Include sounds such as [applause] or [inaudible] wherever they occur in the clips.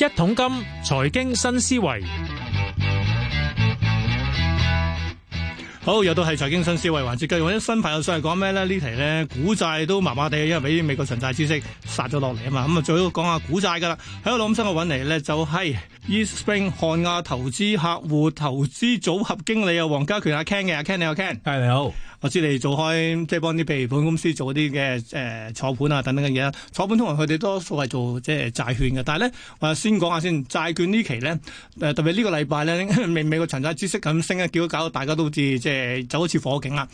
一桶金財經新思維，好，又到係財經新思維環節，今日我啲新朋友想嚟講咩咧？題呢題咧，股債都麻麻地，因為俾啲美國純債知識殺咗落嚟啊嘛。咁啊，最好講下股債噶啦。喺度老闆新我搵嚟咧，就係 East Spring 瀚亞投資客戶投資組合經理啊，黃嘉權啊 Ken 嘅啊 Ken，你好 Ken。係、hey, 你好。我知 [noise] 你做開即係幫啲譬如本公司做啲嘅誒，坐盤啊等等嘅嘢，坐盤通常佢哋多數係做即係債券嘅，但係咧，我先講下先，債券期呢期咧，誒、呃，特別呢個禮拜咧，美美國長債孳息咁升啊，叫搞到大家都好似即係走好似火警啦。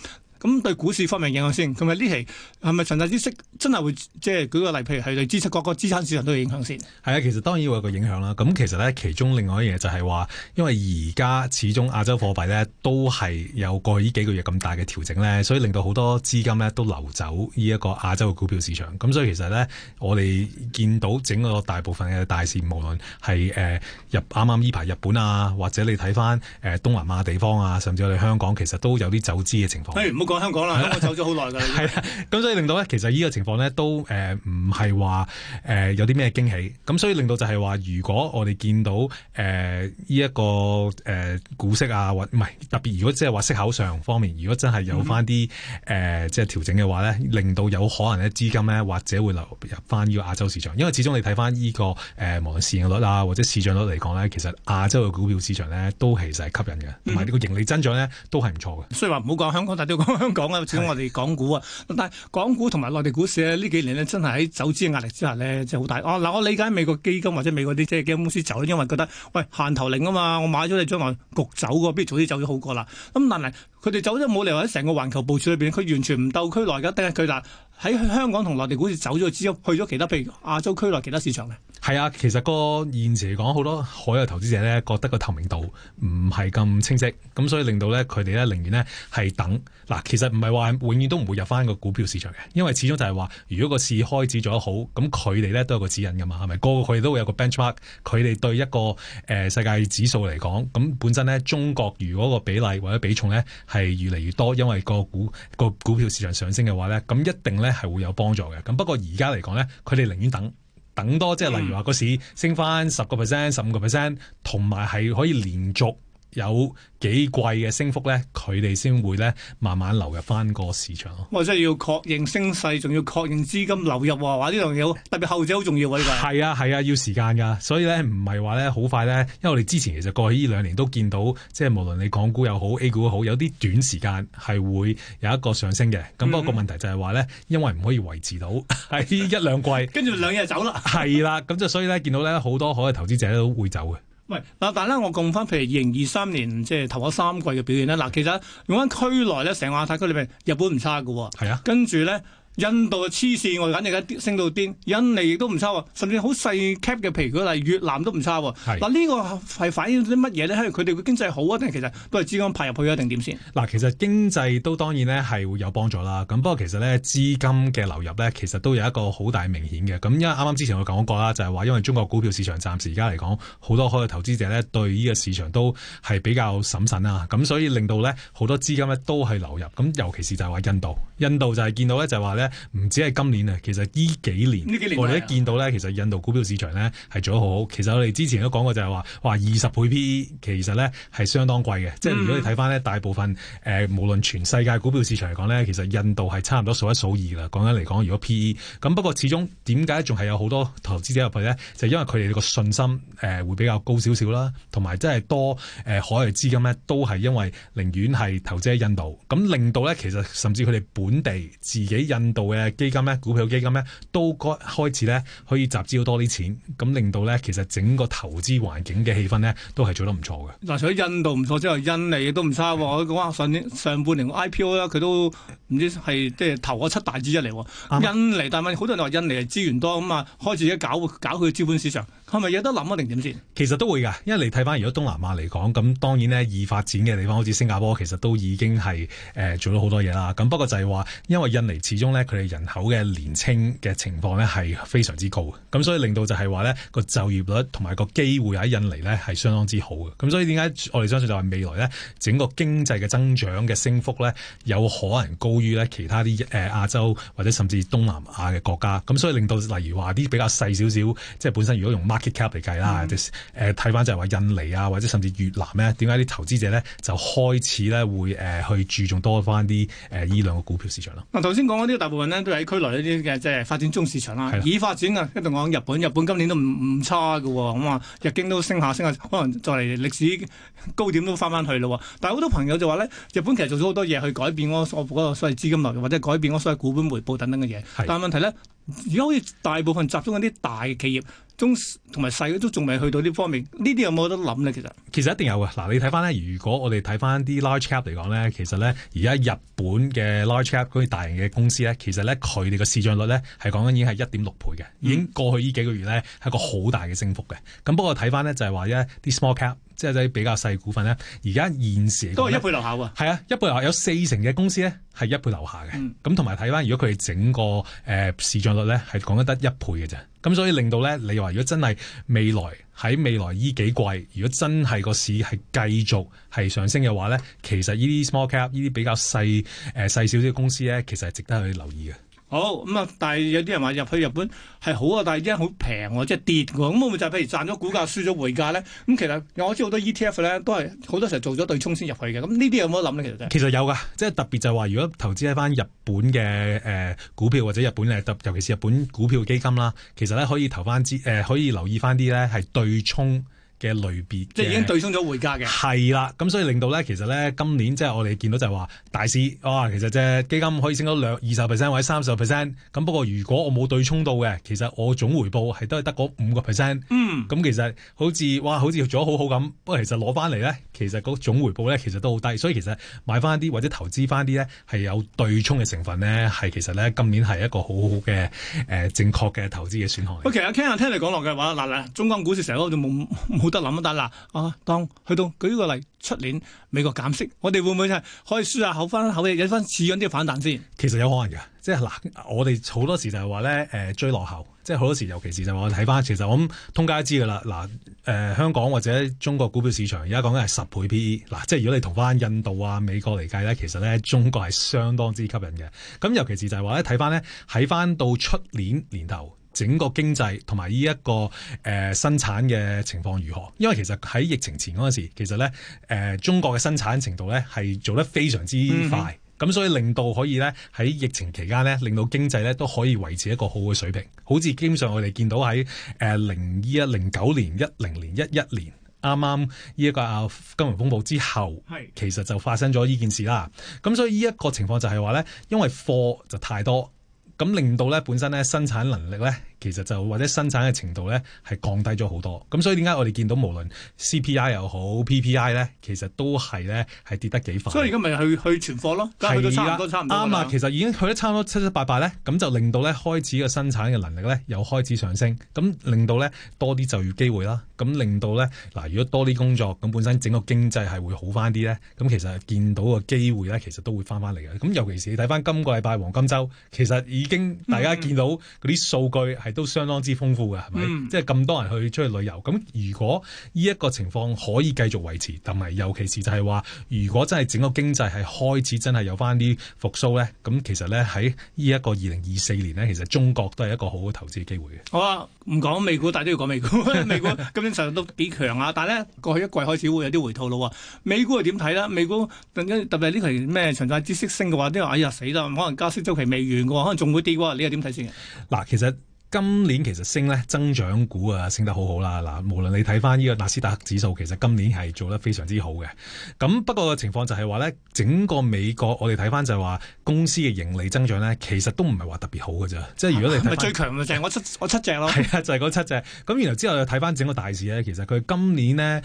咁對股市方面影響先，同埋呢期係咪陳大知識真係會即係舉個例，譬如係對支出各個資產市場都有影響先？係啊，其實當然會有一個影響啦。咁其實咧，其中另外一樣嘢就係話，因為而家始終亞洲貨幣咧都係有過呢幾個月咁大嘅調整咧，所以令到好多資金咧都流走呢一個亞洲嘅股票市場。咁所以其實咧，我哋見到整個大部分嘅大市，無論係誒入啱啱依排日本啊，或者你睇翻誒東南亞地方啊，甚至我哋香港，其實都有啲走資嘅情況。誒唔好講。香港啦，我走咗好耐啦。係 [laughs] 啦，咁所以令到咧，其實依個情況咧都誒唔係話誒有啲咩驚喜。咁所以令到就係話，如果我哋見到誒呢一個誒股息啊，或唔係特別，如果即係話息口上方面，如果真係有翻啲誒即係調整嘅話咧，嗯，令到有可能咧資金咧或者會流入翻呢個亞洲市場。因為始終你睇翻依個誒無論市盈率啊或者市賬率嚟講咧，其實亞洲嘅股票市場咧都其實係吸引嘅，同埋呢個盈利增長咧都係唔錯嘅。所以話唔好講香港，大都要講。香港啊，始終我哋港股啊，但係港股同埋內地股市咧、啊，呢幾年呢真係喺走資嘅壓力之下呢，即好大。我、啊、嗱我理解美國基金或者美國啲即係基金公司走，因為覺得喂限頭令啊嘛，我買咗你將來焗走嘅、啊，不如早啲走咗好過啦。咁但係佢哋走咗冇理由喺成個環球部署裏面，佢完全唔鬥區內㗎。第一，佢啦喺香港同內地股市走咗之後，去咗其他譬如亞洲區內其他市場嘅。係啊，其實個現時嚟講，好多海外投資者咧，覺得個透明度唔係咁清晰，咁所以令到咧佢哋咧寧願咧係等。嗱，其實唔係話永遠都唔會入翻個股票市場嘅，因為始終就係話，如果個市開始做得好，咁佢哋咧都有個指引噶嘛，係咪？個個佢哋都會有個 benchmark，佢哋對一個誒、呃、世界指數嚟講，咁本身咧中國如果個比例或者比重咧係越嚟越多，因為個股個股票市場上升嘅話咧，咁一定咧係會有幫助嘅。咁不過而家嚟講咧，佢哋寧願等。等多，即係例如話個市升翻十個 percent、十五個 percent，同埋係可以連續有幾季嘅升幅咧，佢哋先會咧慢慢流入返個市場咯。哇！即係要確認升勢，仲要確認資金流入喎，話呢樣嘢，特別後者好重要喎呢個。係啊，係啊，啊，要時間㗎，所以咧唔係話咧好快咧，因為我哋之前其實過去呢兩年都見到，即係無論你港股又好 A 股又好，有啲短時間係會有一個上升嘅。咁不過個問題就係話咧，因為唔可以維持到係呢 [laughs] 一兩季，跟住兩日走啦。係啦，啊，咁、嗯、即、嗯、 [laughs] 所以咧，見到咧好多可嘅投資者都會走嘅。喂，嗱，但係咧，我講翻，譬如二零二三年即係、就是、頭嗰三季嘅表現啦。嗱，其實用緊區內咧，成個亞太區裏邊日本唔差嘅，係啊，跟住咧。印度嘅黐線，我哋而家升到癲，印尼亦都唔差喎，甚至好細 cap 嘅皮股，例越南都唔差喎。嗱，呢個係反映啲乜嘢咧？係佢哋嘅經濟好啊，定係其實都係資金派入去啊，定點先？嗱，其實經濟都當然咧係會有幫助啦。咁不過其實咧資金嘅流入咧，其實都有一個好大明顯嘅。咁因為啱啱之前我講過啦，就係話因為中國股票市場暫時而家嚟講好多開嘅投資者咧對呢個市場都係比較審慎啊。咁所以令到咧好多資金咧都係流入。咁尤其是就係話印度，印度就係見到咧就係話咧。唔止係今年啊，其實依幾年，呢幾年我哋都見到咧，其實印度股票市場咧係做得好好。其實我哋之前都講過，就係話，哇二十倍 PE 其實咧係相當貴嘅，嗯。即係如果你睇翻咧，大部分誒、呃、無論全世界股票市場嚟講咧，其實印度係差唔多數一數二啦。講緊嚟講，如果 PE，咁不過始終點解仲係有好多投資者入去咧？就是、因為佢哋個信心誒、呃、會比較高少少啦，同埋真係多誒、呃、海外資金咧都係因為寧願係投資喺印度，咁令到咧其實甚至佢哋本地自己印。度嘅基金咧，股票基金咧，都開始咧可以集資好多啲錢，咁令到咧其實整個投資環境嘅氣氛咧都係做得唔錯嘅。嗱，除咗印度唔錯之外，印尼都唔差喎。我講下上年上半年個 IPO 咧，佢都唔知係即係投咗七大之一嚟。印尼但係好多人都話印尼係資源多咁啊，開始而搞搞佢資本市場。係咪有得諗啊？定點先？其實都會噶，因為你睇翻，如果東南亞嚟講，咁當然咧，易發展嘅地方，好似新加坡，其實都已經係、呃、做咗好多嘢啦。咁不過就係話，因為印尼始終咧，佢哋人口嘅年青嘅情況咧係非常之高，咁所以令到就係話咧個就業率同埋個機會喺印尼咧係相當之好嘅。咁所以點解我哋相信就係未來咧整個經濟嘅增長嘅升幅咧有可能高於咧其他啲誒、呃、亞洲或者甚至東南亞嘅國家。咁所以令到例如話啲比較細少少，即係本身如果用。嚟計啦，或者誒睇翻就係話印尼啊，或者甚至越南咧，點解啲投資者咧就開始咧會誒去注重多翻啲誒呢兩個股票市場咯？嗱、嗯，頭先講嗰啲大部分咧都係喺區內嗰啲嘅，即係發展中市場啦，已發展嘅。一路講日本，日本今年都唔唔差嘅，咁啊，日經都升下升下，可能再嚟歷史高點都翻翻去咯。但係好多朋友就話咧，日本其實做咗好多嘢去改變嗰所謂資金流，或者改變嗰所謂股本回報等等嘅嘢。但係問題咧。而家好似大部分集中喺啲大嘅企業，中同埋細都仲未去到呢方面。呢、嗯、啲有冇得諗呢？其實其實一定有嘅。嗱，你睇翻咧，如果我哋睇翻啲 large cap 嚟講咧，其實咧而家日本嘅 large cap 嗰啲大型嘅公司咧，其實咧佢哋嘅市賬率咧係講緊已經係一點六倍嘅、嗯，已經過去呢幾個月咧係一個好大嘅升幅嘅。咁不過睇翻咧就係話一啲 small cap。即係比較細股份咧，而家現時都係一倍樓下喎。係啊，一倍樓下有四成嘅公司咧係一倍樓下嘅。咁同埋睇返，如果佢哋整個誒、呃、市賬率咧係講得得一倍嘅啫。咁所以令到咧，你話如果真係未來喺未來依幾季，如果真係個市係繼續係上升嘅話咧，其實呢啲 small cap 呢啲比較細誒、呃、細少少嘅公司咧，其實係值得去留意嘅。好咁啊！但係有啲人話入去日本係好啊，但係啲人好平即係跌喎。咁我咪就係譬如賺咗股價，輸咗匯價咧？咁其實我知好多 ETF 咧，都係好多時候做咗對沖先入去嘅。咁呢啲有冇得諗咧？其實有有呢其實有噶，即係特別就係話，如果投資喺翻日本嘅誒股票或者日本嘅特，尤其是日本股票基金啦，其實咧可以投翻資誒，可以留意翻啲咧係對沖。嘅類別，即係已經對沖咗匯價嘅。係啦，咁所以令到咧，其實咧今年即係我哋見到就係話大市哇，其實即係基金可以升到兩二十 percent 或者三十 percent。咁不過如果我冇對沖到嘅，其實我總回報係都係得嗰五個 percent。嗯。咁其實好似哇，好似做得好好咁，不過其實攞翻嚟咧，其實嗰總回報咧，其實都好低。所以其實買翻啲或者投資翻啲咧，係有對沖嘅成分咧，係其實咧今年係一個好好嘅誒正確嘅投資嘅選項。喂，其實聽下聽你講落嘅話，嗱嗱，中國股市成日都冇。冇得諗啊！但嗱，啊，當去到舉個例，出年美國減息，我哋會唔會係可以輸下口翻口氣，引翻似樣啲反彈先？其實有可能嘅，即係嗱，我哋好多時就係話咧，誒、呃、追落後，即係好多時，尤其是就係話我睇翻，其實我諗通街都知噶啦。嗱、呃，誒香港或者中國股票市場而家講緊係十倍 P E，嗱，即係如果你同翻印度啊、美國嚟計咧，其實咧中國係相當之吸引嘅。咁尤其是就係話咧，睇翻咧喺翻到出年年頭。整個經濟同埋呢一個誒、呃、生產嘅情況如何？因為其實喺疫情前嗰陣時，其實咧誒、呃、中國嘅生產程度咧係做得非常之快，咁、嗯、所以令到可以咧喺疫情期間咧令到經濟咧都可以維持一個好嘅水平。好似基本上我哋見到喺誒零二零九年、一零年、一一年啱啱呢一個啊金融風暴之後，係其實就發生咗呢件事啦。咁所以呢一個情況就係話呢因為貨就太多。咁令到咧，本身咧生產能力咧。其實就或者生產嘅程度咧係降低咗好多，咁所以點解我哋見到無論 CPI 又好 PPI 咧，其實都係咧係跌得幾快。所以而家咪去去存貨咯，係，差唔多差唔多啱啊，其實已經去得差唔多七七八八咧，咁就令到咧開始嘅生產嘅能力咧又開始上升，咁令到咧多啲就業機會啦，咁令到咧嗱，如果多啲工作，咁本身整個經濟係會好翻啲咧，咁其實見到個機會咧，其實都會翻翻嚟嘅，咁尤其是你睇翻今個禮拜黃金週，其實已經大家見到嗰啲數據、嗯。係都相當之豐富嘅，係咪？嗯、即係咁多人去出去旅遊。咁如果呢一個情況可以繼續維持，同埋尤其是就係話，如果真係整個經濟係開始真係有翻啲復甦咧，咁其實咧喺呢一個二零二四年呢，其實中國都係一個好好投資嘅機會嘅。好啊，唔講美股，但係都要講美股。 [laughs] 美股今年實都幾強啊， [laughs] 但係呢，過去一季開始會有啲回吐咯。美股係點睇啦？美股特特別呢期咩長債孳息升嘅話，啲人哎呀死啦，可能加息周期未完嘅話，可能仲會跌嘅呢，你又點睇先？嗱，其實。今年其實升咧，增長股啊升得好好啦。嗱，無論你睇翻呢個納斯達克指數，其實今年係做得非常之好嘅。咁不過個情況就係話咧，整個美國我哋睇翻就係話公司嘅盈利增長咧，其實都唔係話特別好㗎。咋、啊、即係如果你睇係最強嘅，就係我七我七隻咯，係啊，就係、是、嗰七隻。咁，然後之後又睇翻整個大市咧，其實佢今年咧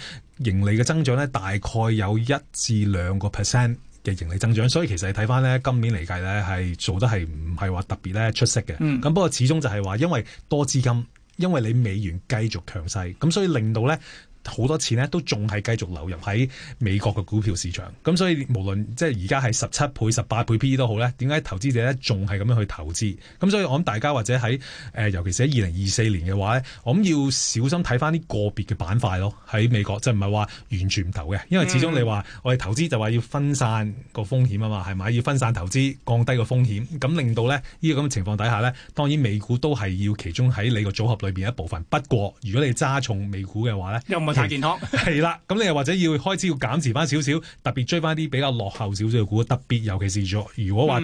盈利嘅增長咧，大概有一至兩個 percent。嘅盈利增長，所以其實你睇翻咧，今年嚟計咧係做得係唔係話特別咧出色嘅。咁、嗯、不過始終就係話，因為多資金，因為你美元繼續強勢，咁所以令到咧。好多錢呢都仲係繼續流入喺美國嘅股票市場，咁所以無論即係而家係十七倍、十八倍 P/E 都好咧，點解投資者咧仲係咁樣去投資？咁所以我諗大家或者喺、呃、尤其是喺二零二四年嘅話咧，我諗要小心睇翻啲個別嘅板塊咯，喺美國就唔係話完全唔投嘅，因為始終你話、嗯、我哋投資就話要分散個風險啊嘛，係咪？要分散投資，降低個風險，咁令到呢呢個咁嘅情況底下呢，當然美股都係要其中喺你個組合裏面一部分。不過如果你揸重美股嘅話呢，又太健康係啦，咁你又或者要開始要減持翻少少，特別追翻啲比較落後少少嘅股，特別尤其是咗如果話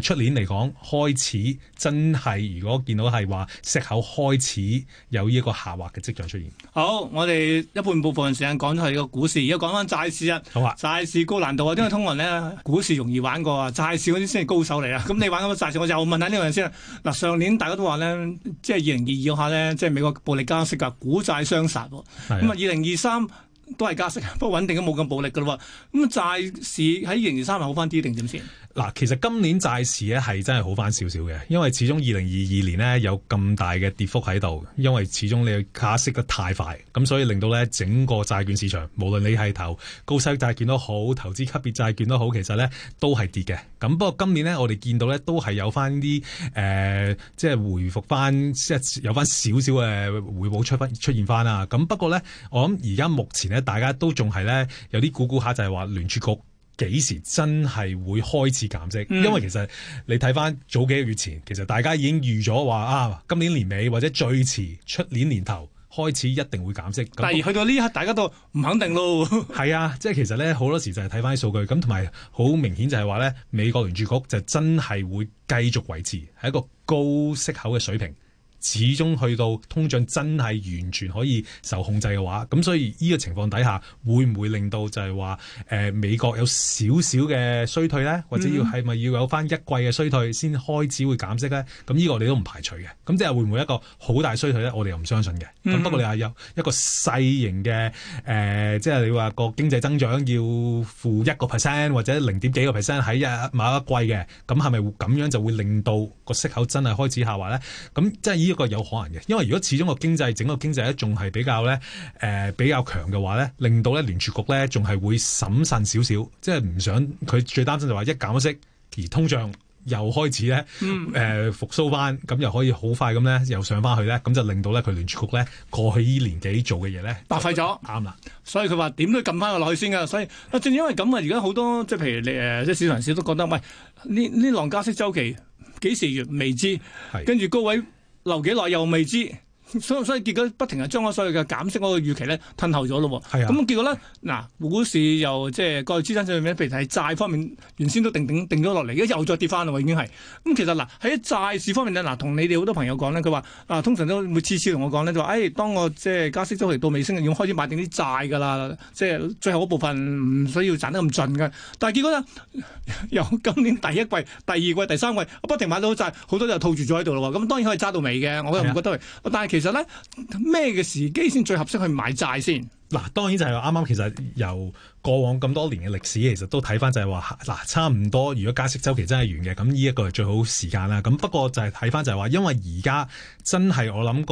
出、嗯、年嚟講開始真係，如果見到係話息口開始有呢一個下滑嘅跡象出現。好，我哋一半部分時間講呢個股市，而家講翻債市啊。好啊，債市高難度啊，因為通常咧，股市容易玩過啊，債市嗰啲先係高手嚟啊。咁 [laughs] 你玩個債市，我就問下呢個人先啦。嗱，上年大家都話咧，即係二零二二嗰下咧，即係美國暴力加息㗎，股債雙殺喎。咁啊，零二三。都係加息，不過穩定都冇咁暴力噶咯喎。咁債市喺二零二三年係好翻啲定點先？嗱，其實今年債市咧係真係好翻少少嘅，因為始終二零二二年咧有咁大嘅跌幅喺度，因為始終你嘅卡息得太快，咁所以令到咧整個債券市場，無論你係投高息債券都好，投資級別債券都好，其實咧都係跌嘅。咁不過今年咧，我哋見到咧都係有翻啲誒，即係回復翻，即係有翻少少嘅回補出出現翻啦。咁不過咧，我諗而家目前咧。大家都仲係咧有啲估估下，就係話聯儲局幾時真係會開始減息？嗯、因為其實你睇翻早幾個月前，其實大家已經預咗話啊，今年年尾或者最遲出年年頭開始一定會減息。但係去到呢一刻，大家都唔肯定咯。係 [laughs] 啊，即係其實咧好多時就係睇翻啲數據咁，同埋好明顯就係話咧美國聯儲局就真係會繼續維持喺一個高息口嘅水平。始終去到通脹真係完全可以受控制嘅話，咁所以呢個情況底下，會唔會令到就係話誒美國有少少嘅衰退咧？或者要係咪要有翻一季嘅衰退先開始會減息咧？咁呢個我哋都唔排除嘅。咁即係會唔會一個好大衰退咧？我哋又唔相信嘅。咁不過你話有一個細型嘅誒，即係你話個經濟增長要負一個 percent 或者零點幾個 percent 喺某一季嘅，咁係咪會咁樣就會令到個息口真係開始下滑咧？咁即係一、呢個有可能嘅，因為如果始終個經濟整個經濟咧仲係比較咧誒、呃、比較強嘅話咧，令到咧聯儲局咧仲係會審慎少少，即係唔想佢最擔心就話一減息而通脹又開始咧誒復蘇翻，咁、嗯、又、呃、可以好快咁咧又上翻去咧，咁就令到咧佢聯儲局咧過去呢年幾做嘅嘢咧白費咗，啱啦。所以佢話點都撳翻落去先噶，所以正因為咁啊，而家好多即係譬如你誒，即係市場人士都覺得喂，呢呢浪加息周期幾時完未知，跟住高位。留幾耐又未知。所以所以結果不停係將我所有嘅減息嗰個預期咧吞透咗咯喎，咁、啊、結果咧嗱、啊啊、股市又即係各類資產上面譬如係債方面，原先都定定定咗落嚟，而家又再跌翻咯喎，已經係咁、嗯、其實嗱喺債市方面咧，嗱、啊、同你哋好多朋友講咧，佢話啊通常都會每次次同我講咧就話，誒、哎、當我即係加息周期到尾聲，已經開始買定啲債㗎啦，即係最後嗰部分唔需要賺得咁盡㗎，但係結果咧由今年第一季、第二季、第三季，不停買到債，好多就套住咗喺度咯喎，咁當然可以揸到尾嘅，我又唔覺得，啊、但係其其實咧，咩嘅時機先最合適去買債先？嗱，當然就係話，啱啱其實由過往咁多年嘅歷史，其實都睇翻就係話，嗱，差唔多。如果加息週期真係完嘅，咁呢一個係最好時間啦。咁不過就係睇翻就係話，因為而家真係我諗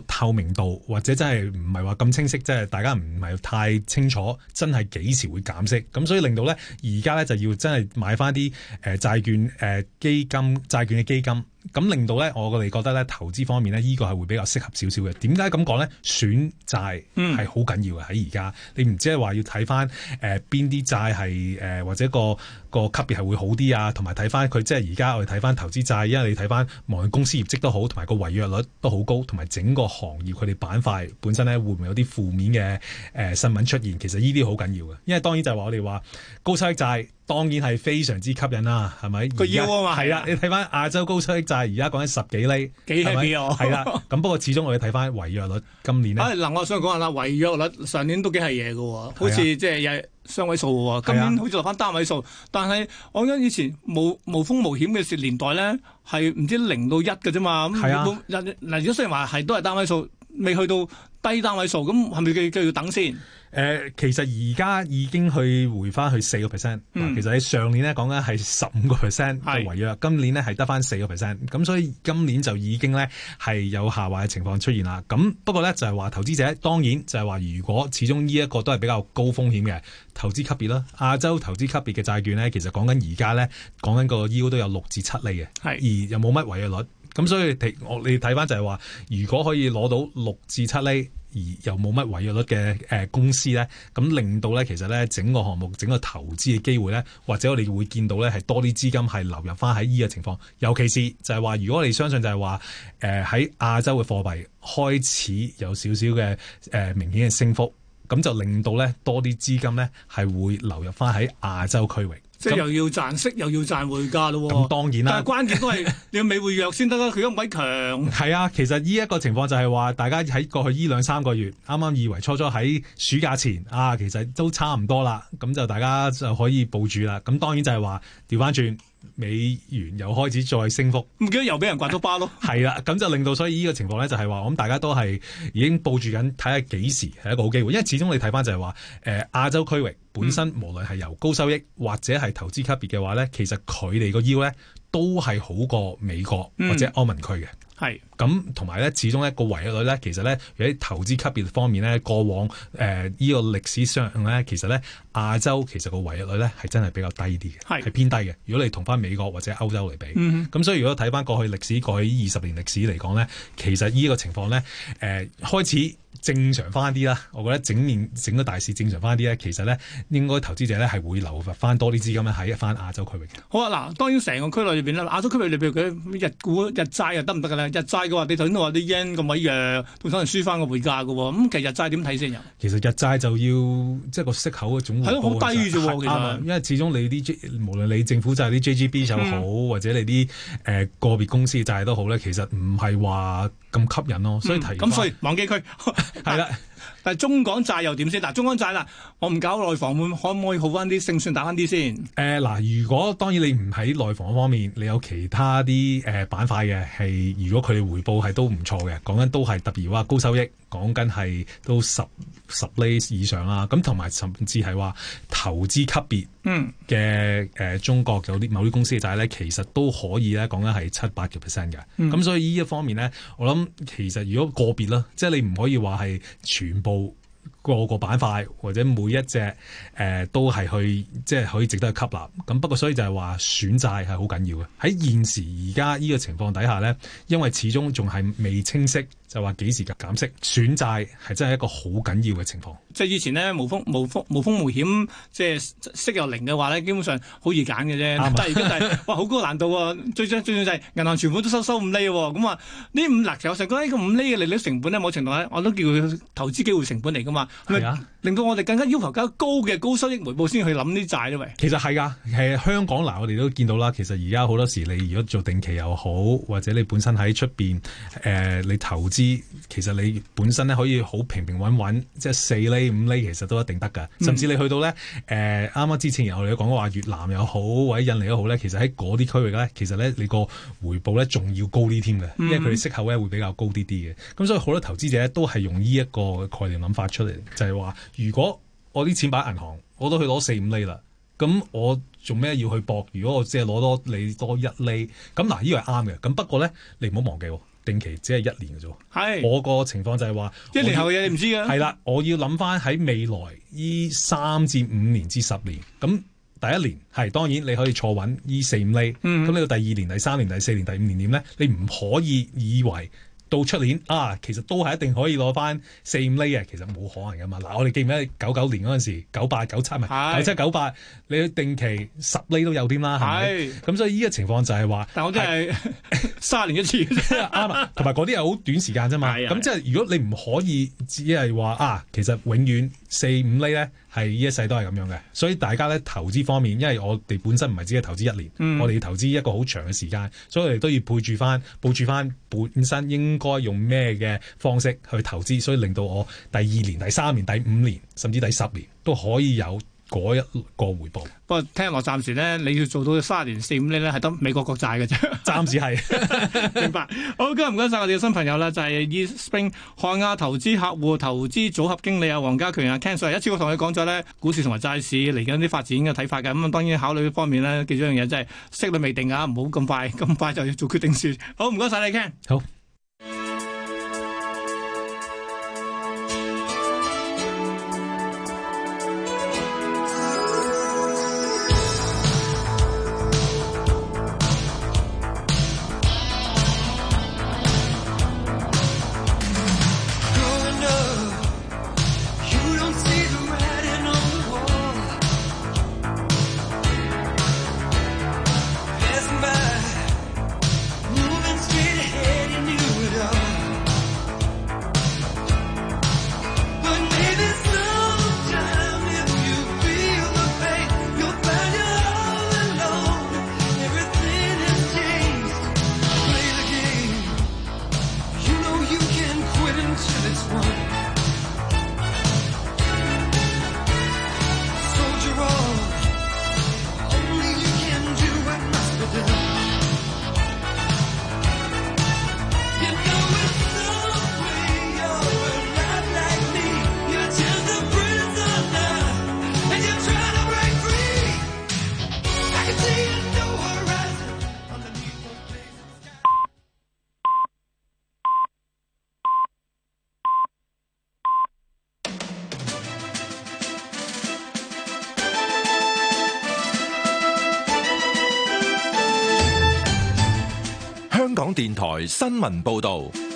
個透明度或者真係唔係話咁清晰，即係大家唔係太清楚真係幾時會減息。咁所以令到咧，而家咧就要真係買翻啲誒債券誒基金，債券嘅基金。咁令到咧，我哋覺得咧投資方面呢，呢個係會比較適合少少嘅。點解咁講咧？選債係好。緊要嘅喺而家，你唔知係話要睇翻誒邊啲債，係、呃、誒、呃、或者個。個級別係會好啲啊，同埋睇翻佢即係而家我哋睇翻投資債，因為你睇翻無論公司業績都好，同埋個違約率都好高，同埋整個行業佢哋板塊本身咧會唔會有啲負面嘅、呃、新聞出現？其實呢啲好緊要嘅，因為當然就係話我哋話高收益債當然係非常之吸引啦、啊，係咪？個要啊嘛，係啦，你睇翻亞洲高收益債而家講緊十幾厘，幾係喎。係啦，咁 [laughs] 不過始終我哋睇翻違約率，今年咧。嗱、啊，我想講下啦，違約率上年都幾係嘢嘅，好似即係有雙位數喎，今年好似落翻單位數，啊、但係我覺得以前無無風無險嘅時年代咧，係唔知零到一嘅啫嘛，咁人嗱，如果雖然話係都係單位數，未去到。低單位數咁係咪繼繼續等先？誒、呃，其實而家已經去回翻去四個 percent。其實喺上年咧講緊係十五個 percent 係違約，今年咧係得翻四個 percent。咁所以今年就已經咧係有下滑嘅情況出現啦。咁不過咧就係、是、話投資者當然就係話，如果始終呢一個都係比較高風險嘅投資級別啦。亞洲投資級別嘅債券咧，其實講緊而家咧講緊個 yield 都有六至七厘嘅，而又冇乜違約率。咁所以我你睇翻就係話，如果可以攞到六至七厘，而又冇乜違約率嘅誒公司咧，咁令到咧其實咧整個項目整個投資嘅機會咧，或者我哋會見到咧係多啲資金係流入翻喺依個情況，尤其是就係話，如果你相信就係話，誒喺亞洲嘅貨幣開始有少少嘅誒明顯嘅升幅，咁就令到咧多啲資金咧係會流入翻喺亞洲區域。即係又要賺息，又要賺匯價咯、啊嗯。咁當然啦。但係關鍵都係你美匯弱先得啦。佢唔係強。係 [laughs] 啊，其實呢一個情況就係話，大家喺過去呢兩三個月，啱啱以為初初喺暑假前啊，其實都差唔多啦。咁就大家就可以部署啦。咁當然就係話調翻轉。美元又開始再升幅，唔記得又俾人刮咗巴，巴咯。係 [laughs] 啦，咁就令到所以呢個情況咧，就係、是、話，我諗大家都係已經抱住緊，睇下幾時係一個好機會。因為始終你睇翻就係話，誒亞洲區域本身、嗯、無論係由高收益或者係投資級別嘅話咧，其實佢哋個 yield 咧都係好過美國、嗯、或者歐盟區嘅。係。咁同埋咧，始終個個違約率咧，其實咧喺投資級別方面咧，過往呢依、呃呢個歷史上咧，其實咧亞洲其實個違約率咧係真係比較低啲嘅，係偏低嘅。如果你同翻美國或者歐洲嚟比，咁、嗯、所以如果睇翻過去歷史，過去二十年歷史嚟講咧，其實呢個情況咧誒、呃、開始正常翻啲啦。我覺得整面整個大市正常翻啲咧，其實咧應該投資者咧係會留翻多啲資金喺一翻亞洲區域。好啊，嗱，當然成個區域入面咧，亞洲區域裏面，佢日股日債又得唔得嘅咧？日債佢話：你頭先都話啲 yen 咁鬼弱，都可能輸翻個匯價噶喎。咁其實日債點睇先？其實日債就要即係、就是、個息口嘅總和好低嘅，因為始終你啲無論你政府債啲 JGB 就好、嗯，或者你啲誒、呃、個別公司債都好咧，其實唔係話咁吸引咯。所以提咁、嗯、所以忘記佢係啦。 [laughs] 但係中港債又點先？嗱，中港債啦，我唔搞內房，可唔可以好翻啲勝算打翻啲先？誒，嗱，如果當然你唔喺內房方面，你有其他啲誒板塊嘅係，如果佢哋回報係都唔錯嘅，講緊都係特別話高收益。講緊係都十十釐以上啦、啊，咁同埋甚至係話投資級別嘅、嗯呃、中國有啲某啲公司呢，嘅債咧其實都可以咧講緊係七八個 percent 嘅，咁、嗯、所以呢一方面咧，我諗其實如果個別啦即係、就是、你唔可以話係全部個個板塊或者每一隻、呃、都係去即係、就是、可以值得去吸納。咁不過所以就係話選債係好緊要嘅。喺現時而家呢個情況底下咧，因為始終仲係未清晰。就話幾時減息選債係真係一個好緊要嘅情況，即、就、係、係、以前呢無風無風無風無險，即係息又零嘅話呢，基本上好易揀嘅啫。但係而家就係、哇好高難度、啊，最最最就係銀行全部都收收五厘、啊，咁啊呢五厘其實成個呢個五厘嘅利率成本呢，某程度呢我都叫佢投資機會成本嚟噶嘛。係咪？令到我哋更加要求更高嘅高收益回報先去諗啲債咧，喂。其實係噶，係香港嗱，我哋都見到啦。其實而家好多時，你如果做定期又好，或者你本身喺出邊誒，你投資，其實你本身咧可以好平平穩穩，即係四厘五厘，厘其實都一定得噶。甚至你去到咧誒，啱、嗯、啱、呃、之前我哋都講過話，越南又好或者印尼都好咧，其實喺嗰啲區域咧，其實咧你個回報咧仲要高啲添嘅，嗯、因為佢哋息口咧會比較高啲啲嘅。咁所以好多投資者都係用呢一個概念諗法出嚟，就係、是、話。如果我啲錢擺喺銀行，我都去攞四五厘啦。咁我做咩要去搏？如果我只係攞多你多一厘，咁嗱，呢個係啱嘅。咁不過咧，你唔好忘記定期只係一年嘅啫。係我個情況就係話一年後嘢你唔知嘅。係啦，我要諗翻喺未來依三至五年至十年，咁第一年係當然你可以坐穩依四五厘。咁呢個第二年、第三年、第四年、第五年點咧？你唔可以以為。到出年啊，其實都係一定可以攞翻四五厘嘅，其實冇可能嘅嘛。嗱、啊，我哋記唔記得九九年嗰陣時，九八九七咪九七九八，你要定期十厘都有啲啦，係咪？咁所以依個情況就係話，但我真係卅年一前次，啱同埋嗰啲係好短時間啫嘛。咁即係如果你唔可以只係話啊，其實永遠，四五厘呢係一世都係咁樣嘅，所以大家呢投資方面，因為我哋本身唔係只係投資一年，嗯、我哋要投資一個好長嘅時間，所以我哋都要配住翻，部署翻本身應該用咩嘅方式去投資，所以令到我第二年、第三年、第五年甚至第十年都可以有嗰一個回報，不過聽落暫時咧，你要做到三年四五年咧，係得美國國債嘅啫。 [laughs] 暫時係是 [laughs] [laughs] 明白。好，今日唔該晒。我哋嘅新朋友咧，就係、是、East Spring 漢亞投資客戶投資組合經理啊，黃嘉權啊，Ken Sir 一次過同佢講咗咧，股市同埋債市嚟緊啲發展嘅睇法嘅。咁啊，當然考慮方面咧，其中一樣嘢真係息率未定啊，唔好咁快咁快就要做決定先。好，唔該晒你，Ken。好。新聞報道。